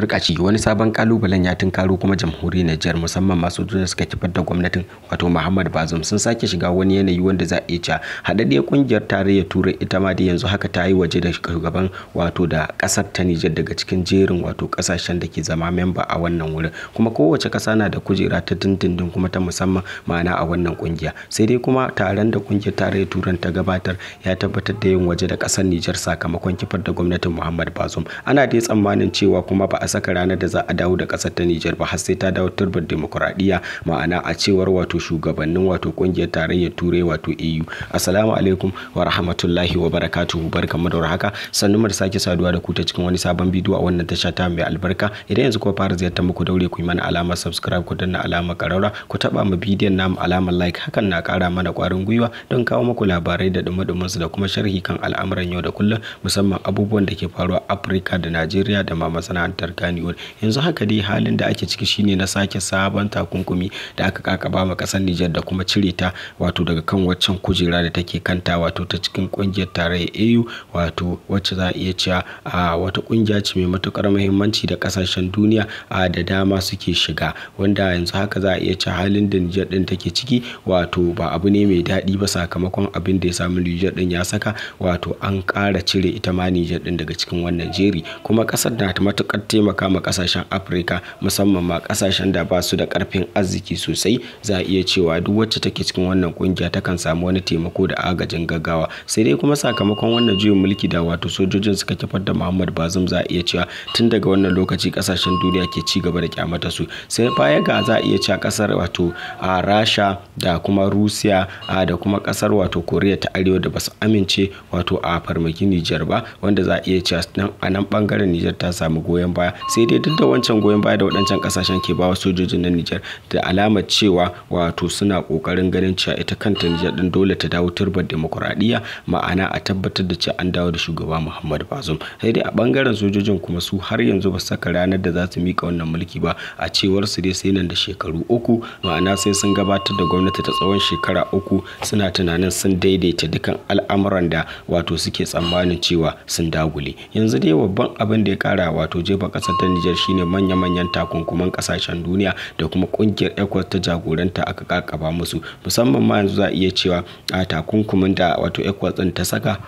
turkaci wani sabon kalubalen ya tunkaro kuma jamhuriyar Nijar musamman masu da suka kifar da gwamnatin wato Muhammad bazum sun sake shiga wani yanayi wanda za a iya haɗaɗɗiyar kungiyar tarayyar turai ita ma da yanzu haka ta yi waje da shugaban wato da kasar ta Nijar daga cikin jerin wato kasashen da ke zama memba a wannan wurin kuma kowace kasa na da kujera ta dindindin kuma ta musamman ma'ana a wannan kungiya sai dai kuma taron da kungiyar tarayyar turan ta gabatar ya tabbatar da yin waje da kasar Nijar sakamakon kifar da gwamnatin Muhammad bazum ana dai tsammanin cewa kuma ba a saka ranar da za a dawo da kasar ta Nijar ba har sai ta dawo turbar demokuraɗiyya ma'ana a cewar wato shugabannin wato kungiyar tarayyar turai wato EU. Assalamu alaikum wa rahmatullahi wa barakatuhu barkamu da haka sannu mu sake saduwa da ku ta cikin wani sabon bidiyo a wannan tasha ta mai albarka idan yanzu kuma fara ziyartar muku daure ku yi mana alamar subscribe ku danna alamar karara ku taba mu bidiyon namu alamar like hakan na kara mana kwarin gwiwa don kawo muku labarai da dumi su da kuma sharhi kan al'amuran yau da kullum musamman abubuwan da ke faruwa Afirka da Najeriya da ma masana'antar ganewar yanzu haka dai halin da ake ciki shine na sake sabon takunkumi da aka kakaba ma kasar Nijar da kuma cire ta wato daga kan waccan kujera da take kanta wato ta cikin kungiyar tarayyar AU wato wacce za a iya cewa a wata kungiya ce mai matukar muhimmanci da kasashen duniya a da dama suke shiga wanda yanzu haka za a iya cewa halin da Nijar din take ciki wato ba abu ne mai daɗi ba sakamakon abin da ya samu Nijar din ya saka wato an ƙara cire ita ma Nijar din daga cikin wannan jeri kuma kasar na ta matukar taimaka ma kasashen afirka musamman ma kasashen da ba su da karfin arziki sosai za a iya cewa duk wacce take cikin wannan kungiya takan samu wani taimako da agajin gaggawa sai dai kuma sakamakon wannan juyin mulki da wato sojojin suka kifar da muhammad bazum za a iya cewa tun daga wannan lokaci kasashen duniya ke ci gaba da kyamata su sai baya ga za a iya cewa kasar wato a rasha da kuma rusiya da kuma kasar wato koriya ta arewa da basu amince wato a farmaki nijar ba wanda za a iya cewa a nan bangaren nijar ta samu goyon baya baya sai dai duk da wancan goyon baya da waɗancan kasashen ke bawa sojojin na Nijar da alamar cewa wato suna kokarin ganin cewa ita kanta Nijar din dole ta dawo turbar demokuraɗiyya ma'ana a tabbatar da cewa an dawo da shugaba Muhammad Bazoum sai dai a bangaren sojojin kuma su har yanzu ba saka ranar da za su mika wannan mulki ba a cewar su dai sai nan da shekaru uku ma'ana sai sun gabatar da gwamnati ta tsawon shekara uku suna tunanin sun daidaita dukkan al'amuran da wato suke tsammanin cewa sun dagule yanzu dai babban abin da ya kara wato jefa kasar ta Nijar shine manya-manyan takunkuman kasashen duniya da kuma kungiyar ECOWAS ta jagoranta aka kakaba musu musamman ma yanzu za a iya cewa a takunkumin da wato ECOWAS din ta saka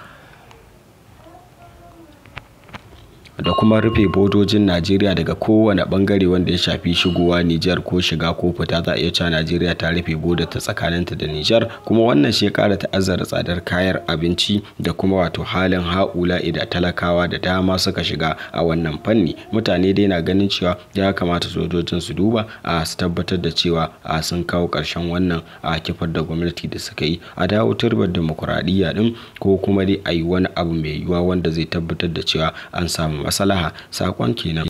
da kuma rufe bodojin Najeriya daga kowane bangare wanda ya shafi shigowa Nijar ko shiga ko fita za a iya cewa Najeriya ta rufe bodar ta tsakaninta da Nijar kuma wannan shi ya ƙara ta'azzara tsadar kayan abinci da kuma wato halin haula idan talakawa da dama suka shiga a wannan fanni mutane dai na ganin cewa ya kamata sojojin su duba a su tabbatar da cewa a sun kawo karshen wannan a kifar da gwamnati da suka yi a dawo turbar demokuraɗiyya din ko kuma dai a yi wani abu mai yiwuwa wanda zai tabbatar da cewa an samu maslaha sakon kenan